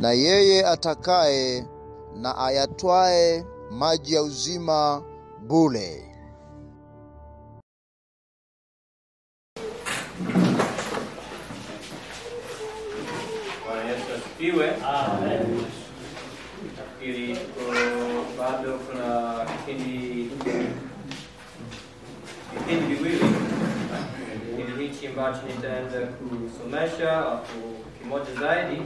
na yeye atakaye na ayatwae maji ya uzima bule. Bwana bado kuna kipindi vipindi viwili, kipindi hichi ambacho nitaanza kusomesha au kimoja zaidi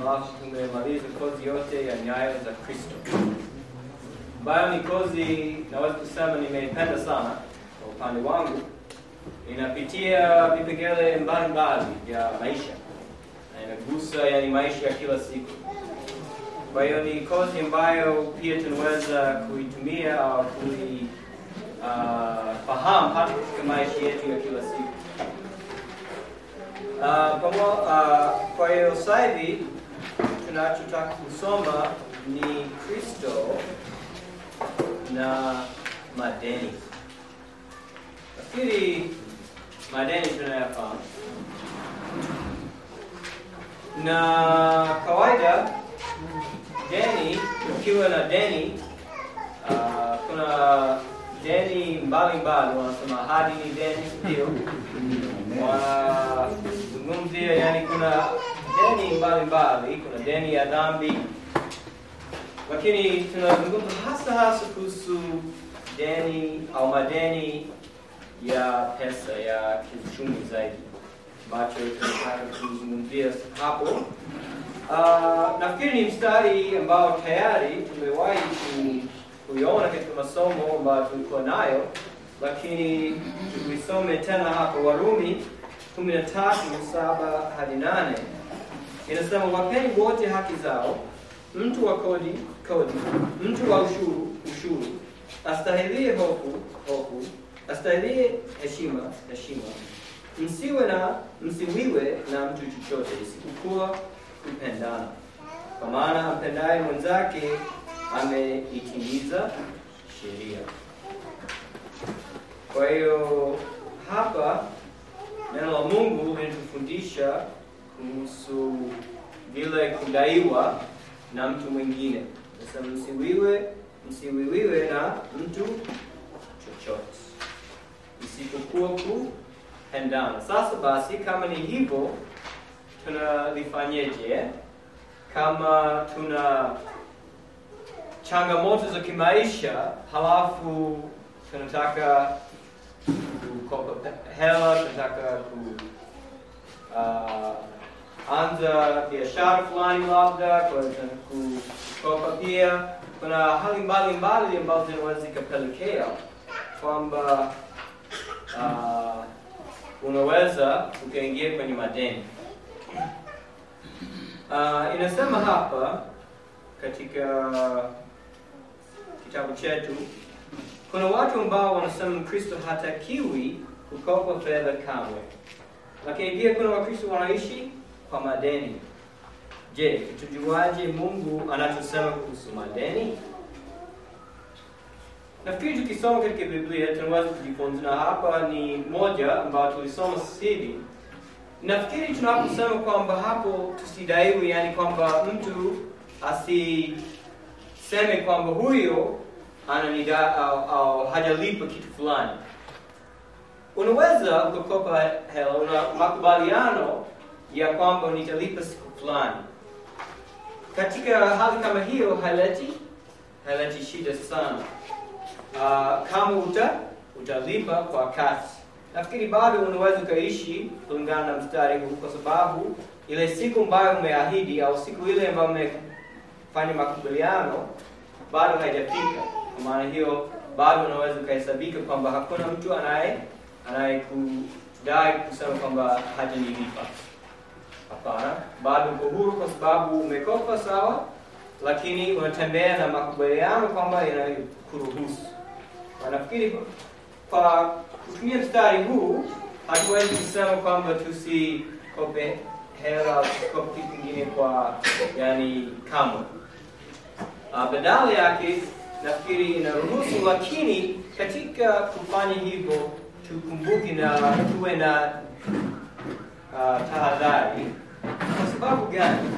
alafu tumemaliza kozi yote ya nyayo za Kristo, ambayo ni kozi naweza kusema nimeipenda sana kwa upande wangu. Inapitia vipengele mbalimbali vya maisha na inagusa yani maisha ya kila siku. Kwa hiyo ni kozi ambayo pia tunaweza kuitumia au kui uh, fahamu hata katika maisha yetu ya kila siku. Uh, uh, kwa hiyo sasa hivi tunachotaka kusoma ni Kristo na madeni. lakini madeni tunayafahamu, na kawaida deni, ukiwa na deni uh, kuna deni mbalimbali, wanasema hadi ni deni, ndio kuzungumzia yani kuna deni mbalimbali mbali, kuna deni ya dhambi lakini tunazungumza hasa hasa kuhusu deni au madeni ya pesa ya kiuchumi zaidi ambacho tunataka kuzungumzia hapo. Uh, nafikiri ni mstari ambao tayari tumewahi kuiona katika masomo ambayo tulikuwa nayo, lakini tuisome tena hapo Warumi 13 saba hadi 8 inasema, wapeni wote haki zao, mtu wa kodi kodi, mtu wa ushuru ushuru, astahilie hofu hofu, astahilie heshima heshima, msiwe na msiwiwe na mtu chochote isipokuwa kupendana, kwa maana ampendaye mwenzake ameitimiza sheria. Kwa hiyo hapa Neno la Mungu linatufundisha kuhusu vile kudaiwa na mtu mwingine. Sasa msiwiwe, msiwiwiwe na mtu chochote isipokuwa kupendana. Sasa basi, kama ni hivyo, tunalifanyeje? Eh? Kama tuna changamoto za kimaisha halafu tunataka kopa hela, tunataka ku uh, anza biashara fulani labda, kukopa pia. Kuna uh, hali mbalimbali ambazo zinaweza zikapelekea kwamba uh, unaweza ukaingia kwenye In a uh, inasema hapa katika kitabu chetu kuna watu ambao wanasema Mkristo hatakiwi kukopa fedha kamwe, lakini pia kuna Wakristo wanaishi kwa madeni. Je, tujuaje Mungu anachosema kuhusu madeni? Nafikiri tukisoma katika Biblia tunaweza kujifunza, na hapa ni moja ambayo tulisoma sasa hivi. Nafikiri tunaposema kwamba hapo tusidaiwi, yani kwamba mtu asiseme kwamba huyo ananida au, au hajalipa kitu fulani unaweza ukakopa hela una makubaliano ya kwamba nitalipa siku fulani katika hali kama hiyo haleti haleti shida sana uh, kama uta utalipa kwa kasi nafikiri bado unaweza ukaishi kulingana na mstari huu kwa sababu ile siku ambayo umeahidi au siku ile ambayo umefanya makubaliano bado haijafika kwa maana hiyo bado unaweza ukahesabika kwamba hakuna mtu anaye anayekudai kusema kwamba hajanilipa. Hapana, bado uko huru kwa sababu umekopa, sawa, lakini unatembea na makubaliano kwamba inakuruhusu Nafikiri kwa kutumia mstari huu hatuwezi kusema kwamba tusikope hela kitu kingine kwa yani kamwe. Ah, badala yake nafikiri inaruhusu, lakini katika kufanya hivyo tukumbuke na tuwe na uh, tahadhari. Kwa sababu gani?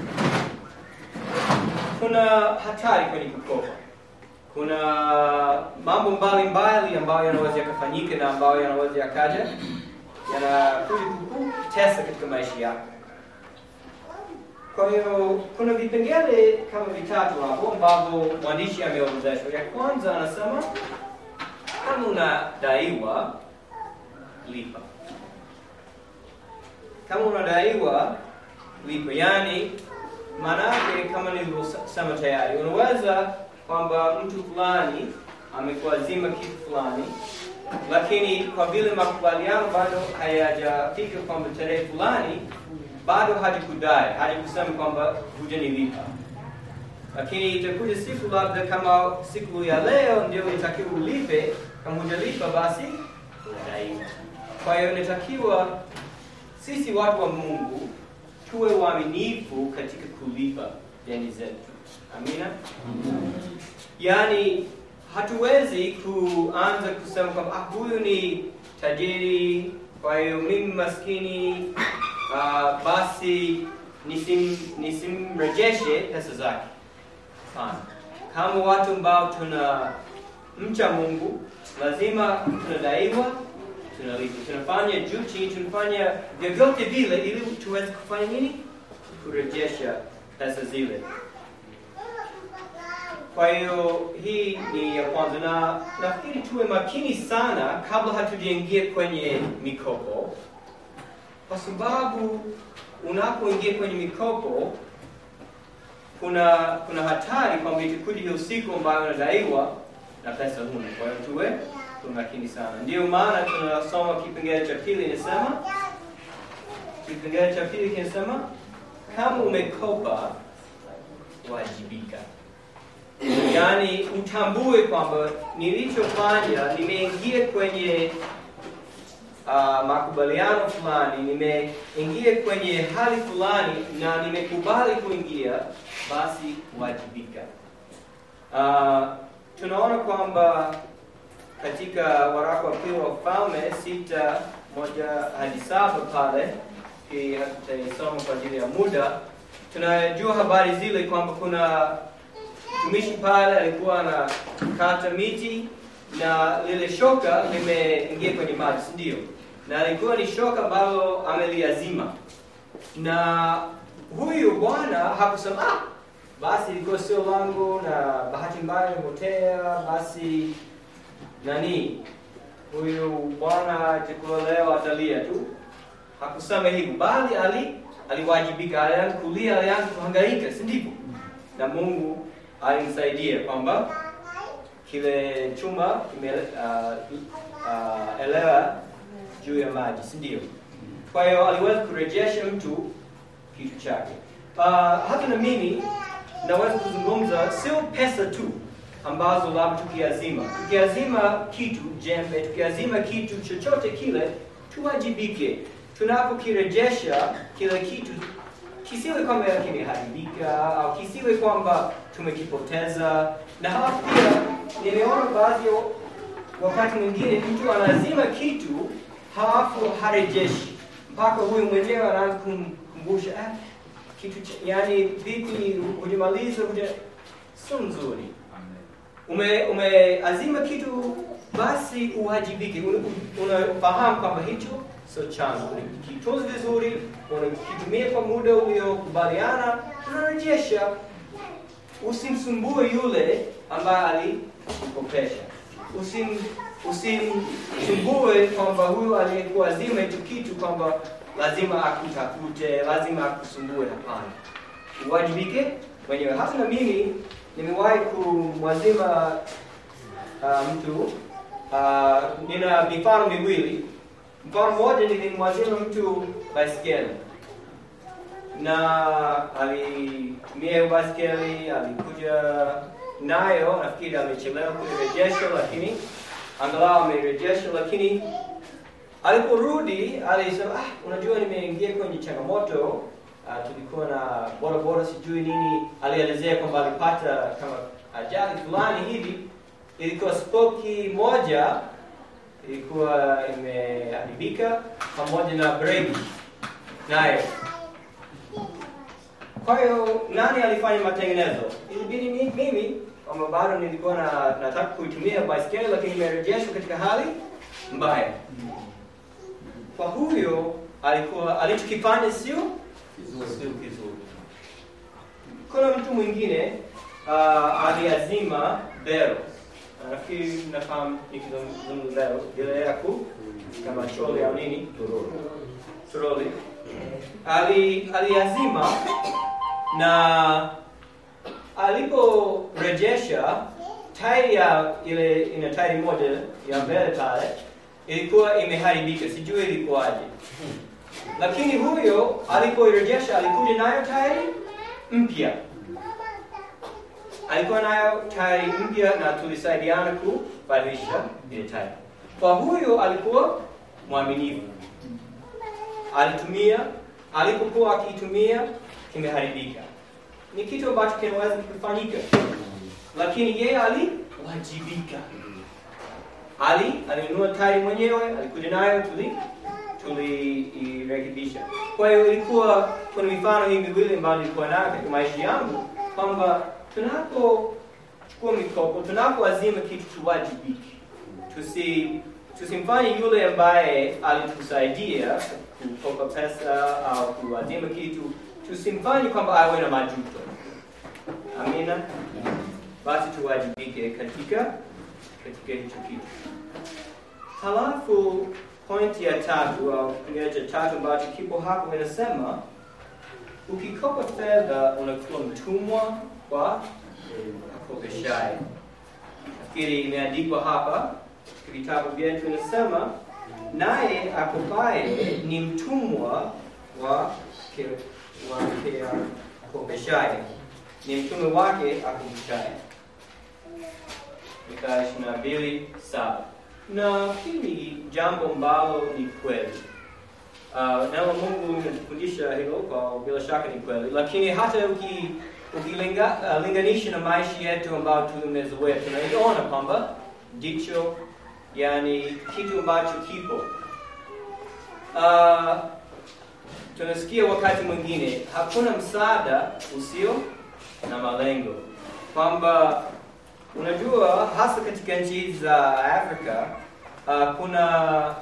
Kuna hatari kwenye kukopa, kuna mambo mbalimbali ambayo yanaweza yakafanyika na ambayo yanaweza yakaja yanakuja kukutesa katika maisha yako. Kwa hiyo kuna vipengele kama vitatu hapo ambavyo mwandishi ameorodhesha. Ya kwanza anasema kama unadaiwa lipa, kama unadaiwa lipa, yaani maana yake kama nilivyosema tayari, unaweza kwamba mtu fulani amekuazima kitu fulani, lakini kwa vile makubaliano bado hayajafika kwamba tarehe fulani bado hajikudai hajikusema kwamba hujanilipa, lakini itakuja siku, labda kama siku ya leo ndio nitakiwa ulipe. Kama hujalipa, basi Kwa hiyo inatakiwa sisi watu wa Mungu tuwe waaminifu katika kulipa deni zetu. Amina. Yaani hatuwezi kuanza kusema kwamba ah, huyu ni tajiri, kwa hiyo mimi maskini uh, basi nisim, nisimrejeshe pesa zake sana. Kama watu ambao tuna mcha Mungu, lazima tunadaiwa, tunalipa, tunafanya juchi tunafanya vyovyote vile ili tuweze kufanya nini? Kurejesha pesa zile. Kwa hiyo hii ni ya kwanza, na nafikiri tuwe makini sana kabla hatujaingia kwenye mikopo kwa sababu unapoingia kwenye mikopo kuna kuna hatari kwamba itikudi hiyo siku ambayo unadaiwa na pesa huna. Kwa hiyo tuwe tumakini sana, ndiyo maana tunasoma kipengele cha pili inasema, kipengele cha pili kinasema kama umekopa wajibika, yaani utambue kwamba nilichofanya nimeingia kwenye uh, makubaliano fulani, nimeingia kwenye hali fulani na nimekubali kuingia, basi wajibika. Uh, ah, tunaona kwamba katika waraka wa pili wa Wafalme sita moja hadi saba pale, hatutaisoma kwa ajili ya muda, tunajua habari zile kwamba kuna mtumishi pale alikuwa anakata miti na lile shoka limeingia kwenye maji, si ndio? na alikuwa ni shoka ambalo ameliazima, na huyu bwana hakusema ah, basi ilikuwa sio langu na bahati mbaya imepotea basi nani huyu bwana chakula leo atalia tu. Hakusema hivyo, bali ali aliwajibika, alianza kulia, alianza kuhangaika, si Na Mungu alimsaidia kwamba kile chumba kimeelewa ah, ah, uh, uh, juu ya maji, si ndio? Kwa hiyo aliweza kurejesha mtu kitu chake. Uh, hata na mimi naweza kuzungumza, sio pesa tu ambazo labda tukiazima tukiazima kitu jembe, tukiazima kitu chochote kile, tuwajibike tunapokirejesha kile kitu kisiwe kwamba kimeharibika au kisiwe kwamba tumekipoteza. Na halafu pia nimeona baadhi, wakati mwingine mtu anazima kitu hafu harejeshi mpaka huyu mwenyewe kumkumbusha eh, kitu yani vipi hujamaliza huja sio mzuri ume, umeazima kitu basi uwajibike unafahamu kwamba hicho sio changu kitunzi vizuri unakitumia kwa muda uliokubaliana unarejesha usimsumbue yule ambaye alikopesha usim usimsumbue kwamba huyu aliyekuwa zima hicho kitu kwamba lazima akutafute, lazima akusumbue. Hapana, uwajibike mwenyewe. Hasa na mimi nimewahi kumwazima uh, mtu uh, nina mifano miwili. Mfano mmoja nilimwazima mtu baiskeli na alitumia hiyo baiskeli, alikuja nayo, nafikiri amechelewa kuirejesha, lakini angalau amerejeshwa lakini aliporudi alisema ah, unajua nimeingia kwenye changamoto uh, tulikuwa na borabora sijui nini, alielezea kwamba alipata kama ajali fulani hivi, ilikuwa spoki moja ilikuwa imeharibika pamoja na breki naye Kwa hiyo nani alifanya matengenezo? Ilibidi mimi kwamba bado nilikuwa na, nataka kuitumia baiskeli lakini imerejeshwa katika hali mbaya. Kwa huyo alikuwa alichokifanya sio sio kizuri. Kuna mtu mwingine uh, aliazima bero nafikiri nafahamu nikizungumza bila ya ku kama chole au nini toroli toroli ali aliazima na aliporejesha tairi ya ile ina tairi moja ya mbele pale ilikuwa imeharibika, sijui ilikuwaje, lakini huyo alipoirejesha alikuja nayo tairi mpya, alikuwa nayo tairi mpya na tulisaidiana kubadilisha ile tairi. Kwa huyo alikuwa mwaminifu, alitumia alipokuwa akitumia kimeharibika ni kitu ambacho kinaweza kufanyika lakini yeye aliwajibika. Ali alinunua tari mwenyewe, alikuja nayo, tuli tuliirekebisha. Kwa hiyo ilikuwa kuna mifano hii miwili ambayo nilikuwa nayo katika maisha yangu kwamba tunapochukua mikopo, tunapoazima kitu tuwajibike, tusi tusimfanye yule ambaye alitusaidia kukopa pesa au kuazima kitu, tusimfanye kwamba awe na majuto. Amina. Basi tuwajibike katika katika hicho kitu. Halafu pointi ya tatu au kipengele cha tatu ambacho kipo hapo inasema ukikopa fedha unakuwa mtumwa kwa akopeshaye. Nafikiri imeandikwa hapa vitabu vyetu, inasema naye akopaye ni mtumwa wa ke, wa ni mtume wake akumtaye. na 22 saba. Na hili ni jambo ambalo ni kweli uh, ah, nalo Mungu imefundisha hilo kwa bila shaka ni kweli, lakini hata uki ukilinganisha ah, uh, na maisha yetu ambayo tumezoea, tunaiona kwamba ndicho yani kitu ambacho kipo uh, tunasikia wakati mwingine hakuna msaada usio na malengo, kwamba unajua hasa katika nchi za Afrika uh, kuna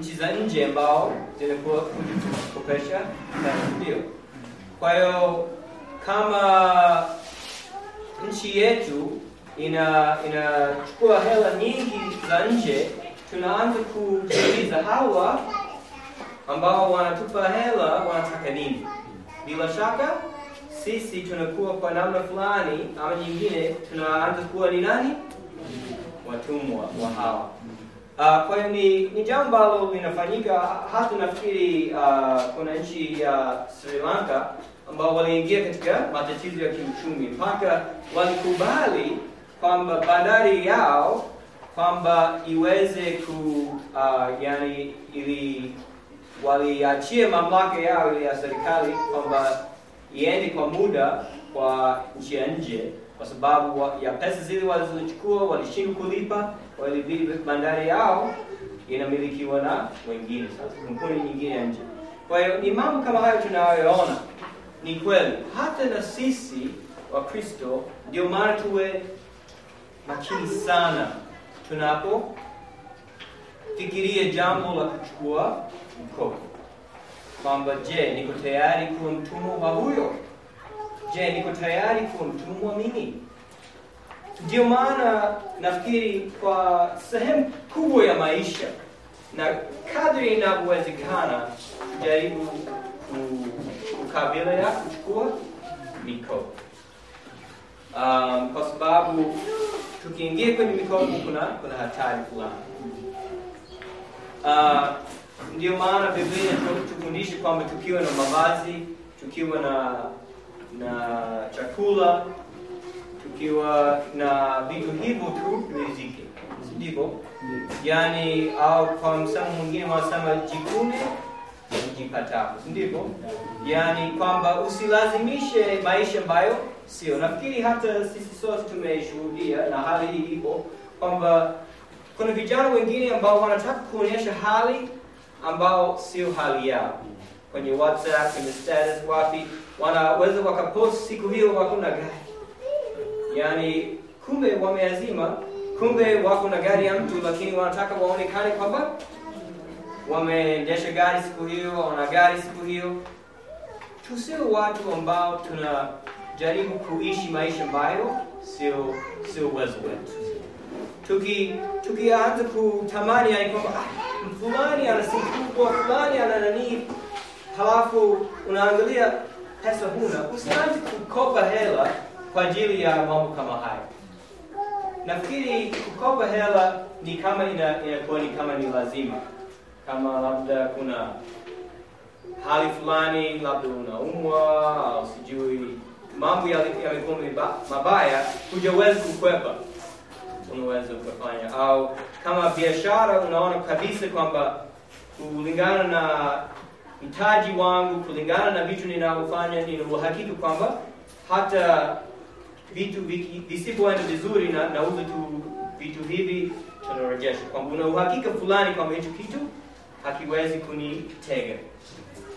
nchi za nje ambao zimekuwa kukopesha na ndio. Kwa hiyo kama nchi yetu ina inachukua hela nyingi za nje, tunaanza kuuliza hawa ambao wanatupa hela wanataka nini? Bila shaka sisi tunakuwa kwa namna fulani ama nyingine, tunaanza kuwa ni nani, watumwa wa hawa. Uh, kwa hiyo ni, ni jambo ambalo linafanyika hasa, nafikiri uh, kuna nchi ya uh, Sri Lanka ambao waliingia katika matatizo ya kiuchumi mpaka walikubali kwamba bandari yao kwamba iweze ku uh, yani ili waliachie mamlaka yao ya serikali kwamba iende kwa muda kwa nchi ya nje kwa sababu ya pesa zile walizochukua walishindwa kulipa, walibidi bandari yao inamilikiwa na wengine, sasa kampuni nyingine ya nje. Kwa hiyo ni mambo kama hayo tunayoona. Ni kweli hata na sisi wa Kristo, ndio maana tuwe makini sana tunapofikiria jambo la kuchukua mkopo kwamba je, niko tayari kuwa mtumwa wa huyo? Je, niko tayari kuwa mtumwa mimi? Ndio maana nafikiri kwa sehemu kubwa ya maisha na kadri inavyowezekana tujaribu ya kuchukua mikopo um, kwa sababu tukiingia kwenye mikopo kuna kuna hatari fulani uh, ndio maana Biblia inatufundisha kwamba tukiwa na mavazi, tukiwa na na chakula, tukiwa na vitu hivyo tu tuizike, ndivyo yani au kwa msamu mwingine wanasema jikune jipatapo, ndivyo yani kwamba usilazimishe maisha ambayo sio. Nafikiri hata sisi sote tumeshuhudia na hali hii ipo kwamba kuna vijana wengine ambao wanataka kuonyesha hali ambao sio hali yao kwenye WhatsApp, kwenye status, wapi wanaweza wakapost siku hiyo wako na gari, yaani kumbe wameazima, kumbe wako na gari ya mtu, lakini wanataka waonekane kwamba wameendesha gari siku hiyo, wana gari siku hiyo. Tusio watu ambao tunajaribu kuishi maisha ambayo sio sio uwezo wetu, tukianza tuki kutamani ai yaani kwamba ah, fulani ana simu kubwa, fulani ana nani, halafu unaangalia pesa huna, usianze kukopa hela kwa ajili ya mambo kama haya. Nafikiri kukopa hela ni kama inakuwa ina ni kama ni lazima, kama labda kuna hali fulani, labda unaumwa au sijui mambo yamekuwa mabaya, hujawezi kukwepa unaweza ukafanya, au kama biashara unaona kabisa kwamba kulingana na mtaji wangu, kulingana na vitu ninavyofanya, nina uhakika kwamba hata vitu visipoenda vizuri, na nauza tu vitu hivi, tunarejesha, kwamba una uhakika fulani kwamba hicho kitu hakiwezi kunitega.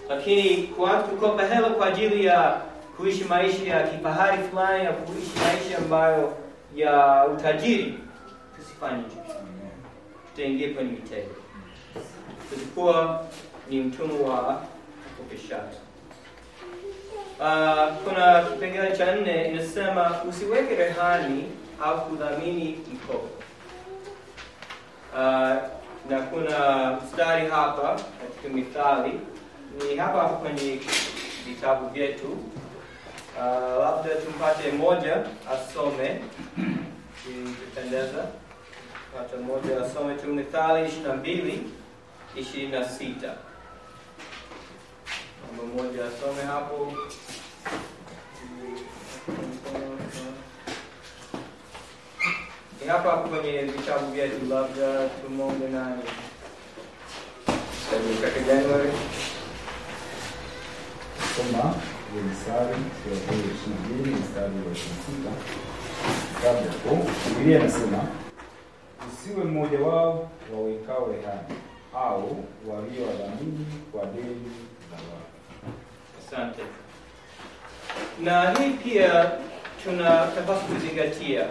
Lakini uko hela kwa ajili ya kuishi maisha ya kifahari fulani na kuishi maisha ambayo ya utajiri tusifanye hivyo, tutaingia kwenye mitego. tulikuwa ni mtumwa wa ubishati. Uh, ah, kuna kipengele cha nne inasema usiweke rehani au kudhamini mkopo. Uh, na kuna mstari hapa katika Mithali, ni hapa hapa kwenye vitabu vyetu Ah, labda tumpate moja asome kipendeza pata moja asome tu Mithali ishirini na mbili ishirini na sita namba moja asome hapo. Hapa kwenye vitabu vyetu, labda tumonge nani kaka January hiyo mstari sura ishirini na mbili mstari wa ishirini na sita kitabu Yakobo. Biblia inasema usiwe mmoja wao wawekao rehani au walioadhamini kwa deni za watu. Asante. Na hii pia tunapaswa kuzingatia,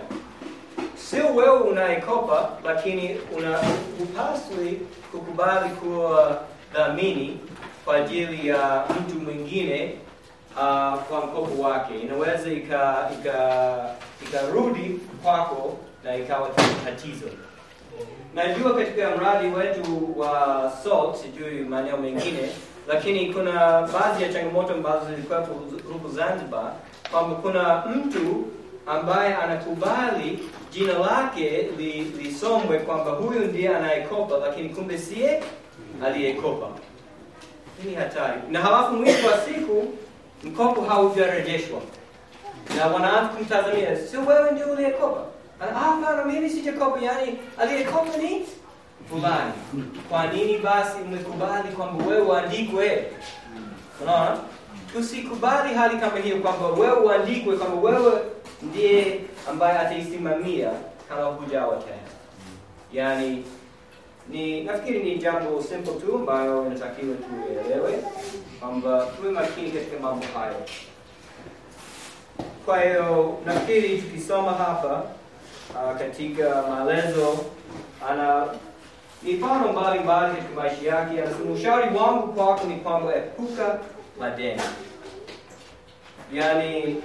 sio wewe unayekopa, lakini una upaswi kukubali kuwa dhamini kwa ajili ya mtu mwingine uh, kwa mkopo wake inaweza ikarudi ika, ika kwako na ikawa tatizo. Najua katika mradi wetu wa salt, sijui maeneo mengine, lakini kuna baadhi ya changamoto ambazo zilikuwepo huku Zanzibar, kwamba kuna mtu ambaye anakubali jina lake lisomwe li kwamba huyu ndiye anayekopa, lakini kumbe siye aliyekopa. ni hatari, na halafu mwisho wa siku mkopo haujarejeshwa na wanaanza kumtazamia, si wewe ndio uliyekopa. Ah, hapana, mimi sijakopa. Yani aliyekopa ni fulani. Kwa nini basi umekubali kwamba wewe uandikwe? Unaona, tusikubali hali kama hiyo, kwamba wewe uandikwe, kwamba wewe ndiye ambaye ataisimamia kama hujawa tena, yani ni nafikiri ni jambo simple tu ambayo inatakiwa tuelewe kwamba tuwe makini katika mambo hayo. Kwa hiyo nafikiri tukisoma hapa uh, katika maelezo ana mifano mbalimbali katika maisha yake, anasema ushauri wangu kwako ni kwamba epuka madeni. Yaani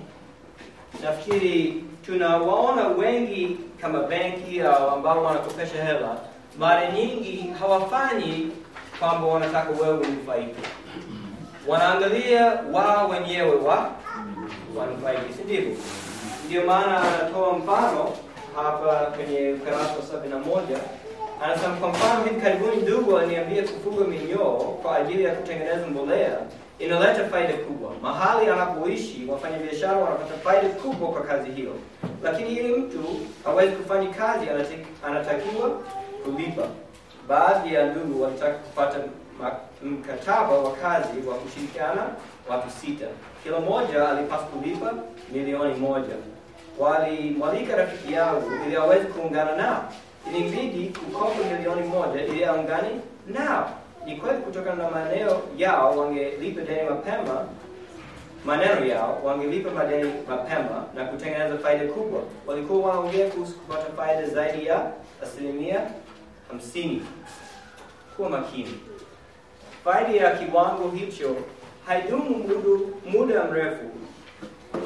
nafikiri tunawaona wengi kama benki au ambao wanakopesha hela mara nyingi hawafanyi kwamba wanataka wewe unufaike, wanaangalia wao wenyewe wa wanufaike, si Ndio maana anatoa mfano hapa kwenye Ukurasa sabi na moja anasema kwa mfano, hivi karibuni ndugu aniambia kufuga minyoo kwa ajili ya kutengeneza mbolea inaleta faida kubwa. Mahali anapoishi wafanyabiashara wanapata faida kubwa kwa kazi hiyo, lakini ili mtu awezi kufanya kazi anatakiwa kulipa. Baadhi ya ndugu walitaka kupata mkataba wa kazi wa kushirikiana watu sita, kila mmoja alipaswa kulipa milioni moja. Walimwalika rafiki yangu ili aweze kuungana nao. Ilibidi kukopa milioni moja ili aungane nao. Ni kweli, kutokana na maneno yao wangelipa deni mapema maneno yao wangelipa madeni mapema na kutengeneza faida kubwa. Walikuwa waongea kuhusu kupata faida zaidi ya asilimia hamsini. Kuwa makini. Faida ya kiwango hicho haidumu mudu, muda mrefu.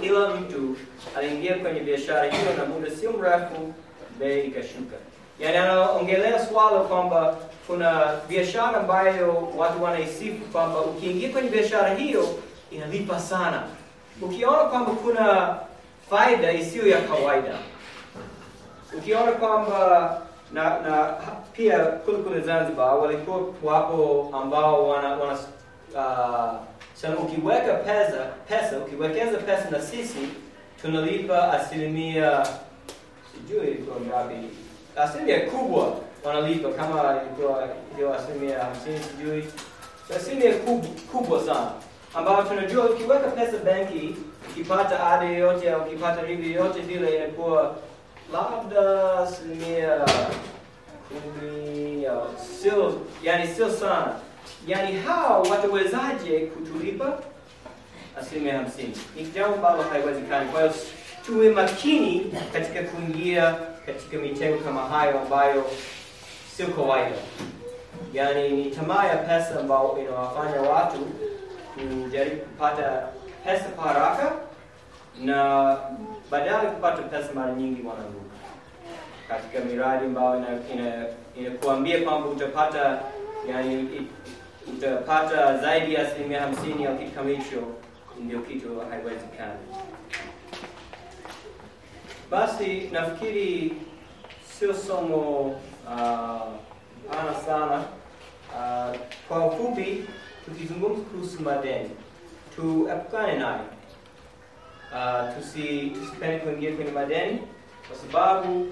Kila mtu aliingia kwenye biashara hiyo na muda si mrefu bei ikashuka. Yaani anaongelea swala kwamba kuna biashara ambayo watu wanaisifu kwamba ukiingia kwenye biashara hiyo inalipa sana. Ukiona kwamba kuna faida isiyo ya kawaida, ukiona kwamba na na pia kule kule Zanzibar walikuwa wapo ambao wana, wana uh, sana ukiweka pesa pesa ukiwekeza pesa na sisi tunalipa asilimia sijui ilikuwa ngapi, asilimia kubwa wanalipa kama ilikuwa hiyo asilimia hamsini sijui, asilimia kubwa, kubwa sana ambayo tunajua ukiweka pesa benki, ukipata ada yoyote au ukipata riba yoyote vile inakuwa labda asilimia yani sio sana. Yani hao watawezaje kutulipa asilimia hamsini? Ni jambo ambalo haiwezekani. Kwa hiyo tuwe makini katika kuingia katika mitengo kama hayo ambayo sio kawaida. Yani ni tamaa ya pesa ambayo inawafanya watu kujaribu kupata pesa kwa haraka na badala kupata pesa mara nyingi wanaruka katika miradi ambayo inakuambia kwamba utapata yani, utapata zaidi ya asilimia hamsini ya kitu kama hicho, ndio kitu haiwezekana. Basi nafikiri sio somo ah, pana uh, sana uh, kwa ufupi, tukizungumza kuhusu madeni tuepukane nayo uh, tusipende kuingia kwenye madeni kwa sababu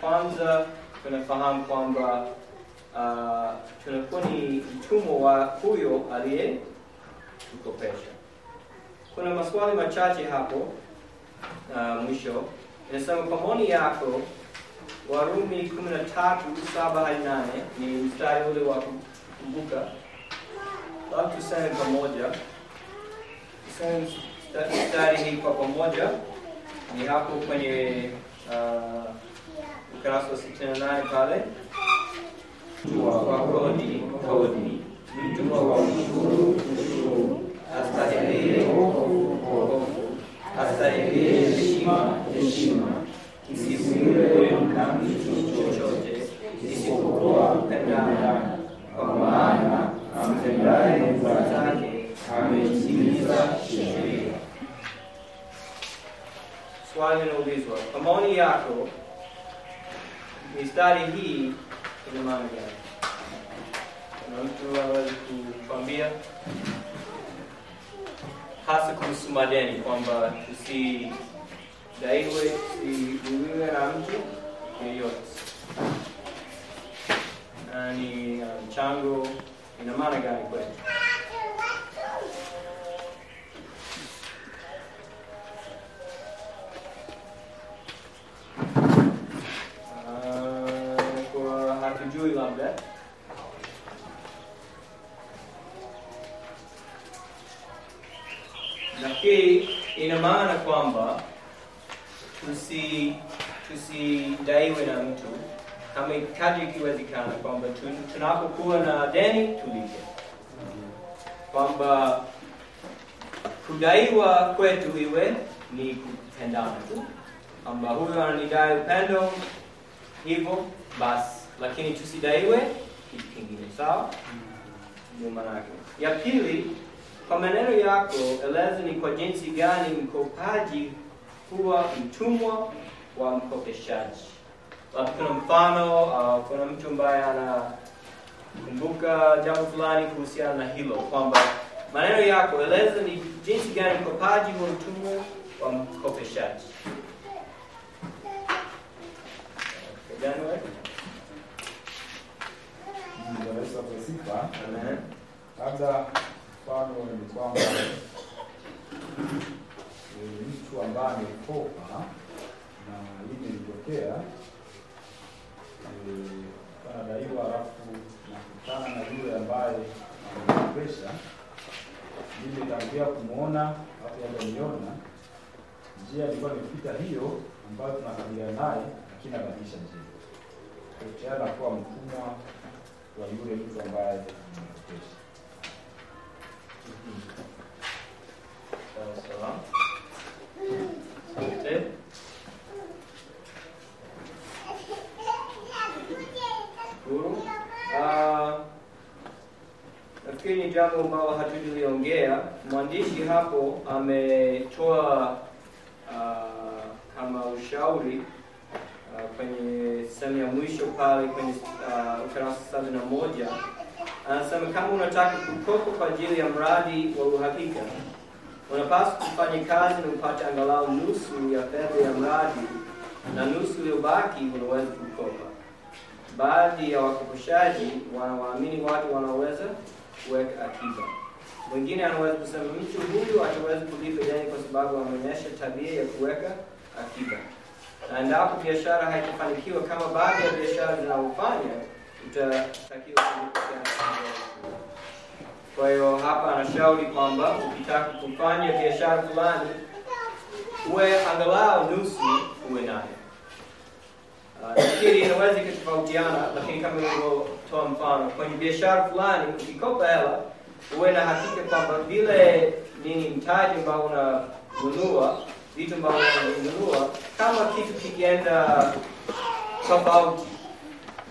kwanza tunafahamu kwamba uh, tunakuwa ni mtumo wa huyo mkopesha Kuna maswali machache hapo uh, mwisho. Inasema kwa maoni yako, Warumi 13 7 hadi 8 ni mstari ule wa kukumbuka, au tuseme pamoja, tuseme mstari hii kwa pamoja ni hapo kwenye uh, ukurasa wa 68 pale wa kodi kodi mtu wa ushuru astahili astahili heshima heshima isizuiwe na chochote isipokuwa pendana kwa maana amtendaye mwenzake kwa maoni yako mistari hii ina maana gani na mtu awezi kukwambia hasa kuhusu madeni kwamba tusidaiwe tusiuliwe na mtu yeyote ni uh, mchango um, ina maana gani kwetu really loved it. Na hii ina maana kwamba tusi tusidaiwe na mtu kama kadri ikiwezekana, kwamba tunapokuwa na deni tulike, kwamba kudaiwa kwetu iwe ni kupendana tu, kwamba huyo ananidai upendo, hivyo basi lakini tusidaiwe kitu kingine sawa ndio maana yake ya pili kwa maneno yako eleza ni kwa jinsi gani mkopaji huwa mtumwa wa mkopeshaji kuna mfano uh, kuna mtu ambaye anakumbuka jambo fulani kuhusiana na hilo kwamba maneno yako eleza ni jinsi gani mkopaji huwa mtumwa wa mkopeshaji okay, January. Yesu ape sifa. Labda mfano ni kwamba mtu ambaye amekopa na ile ilitokea eh, anadaiwa, halafu nakutana na yule ambaye amekopesha, mimi tangia kumwona au hajaniona, njia ilikuwa imepita hiyo ambayo tunakabiliana naye, lakini abadilisha njia, tayari anakuwa mtumwa wa yule mtu ambaye nimemwezesha. Sawa sawa, asante. Shukuru. Nafikiri ni jambo ambalo hatuliongea. Mwandishi hapo ametoa uh, kama ushauri Ah, kwenye sehemu ya mwisho pale kwenye uh, ukurasa na moja anasema kama unataka kukopa kwa ajili ya mradi wa uhakika unapaswa kufanya kazi na upate angalau nusu ya fedha ya mradi na nusu iliyobaki unaweza kukopa. Baadhi ya wakoposhaji wanawaamini watu wanaweza kuweka akiba. Mwingine anaweza kusema mtu huyu ataweza kulipa deni kwa sababu ameonyesha tabia ya kuweka akiba na endapo biashara haikufanikiwa kama baadhi ya biashara zinavyofanya, utatakiwa kwa hiyo hapa anashauri kwamba ukitaka kufanya biashara fulani uwe angalau nusu uwe nayo. Ah, nafikiri uh, inaweza ikatofautiana, lakini kama ilivyotoa mfano kwenye biashara fulani, ukikopa hela uwe na hakika kwamba vile nini mtaji ambao unanunua Vitu ambavyo ulinunua, kama kitu kikienda tofauti,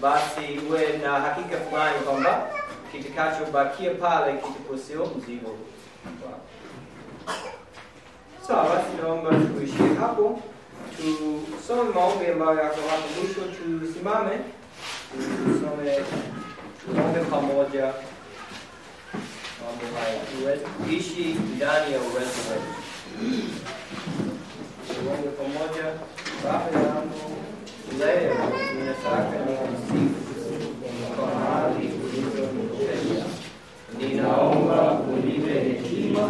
basi uwe na hakika fulani kwamba kitakachobakia pale kitakuwa sio mzigo. Sawa, basi naomba tuishie hapo, tusome maombi ambayo yako hapo mwisho. Tusimame tusome, tuombe pamoja mambo haya, ndani ya uwezo wetu. tuombe pamoja. Baba yangu leo ninataka nikusifu kwa mali ulizonijalia, ninaomba unipe hekima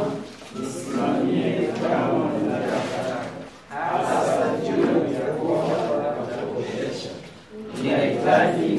nisimamie kama madaraka yako, hasa juu ya kuoa na Ninahitaji